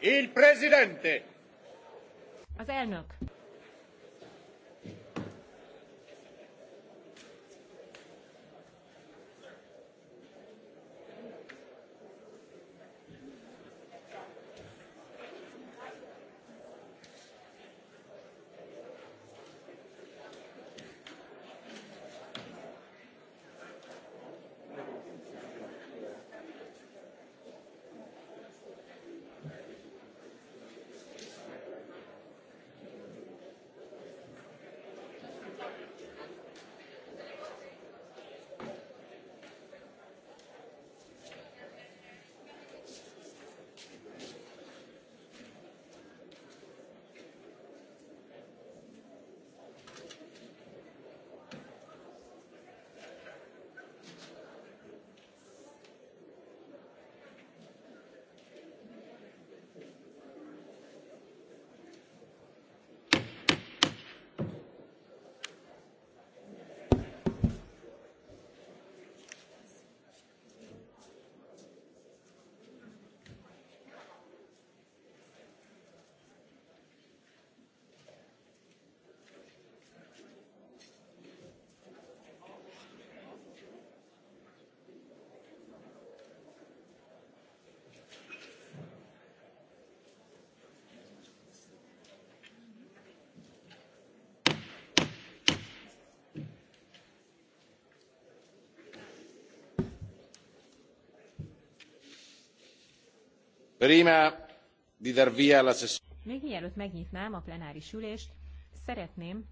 Il presidente. Az elnök. Még mielőtt megnyitnám a plenáris ülést, szeretném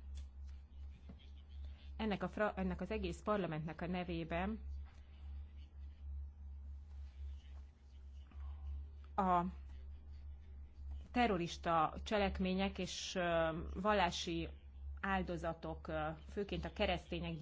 ennek, a fra, ennek az egész parlamentnek a nevében a terrorista cselekmények és vallási áldozatok, főként a keresztények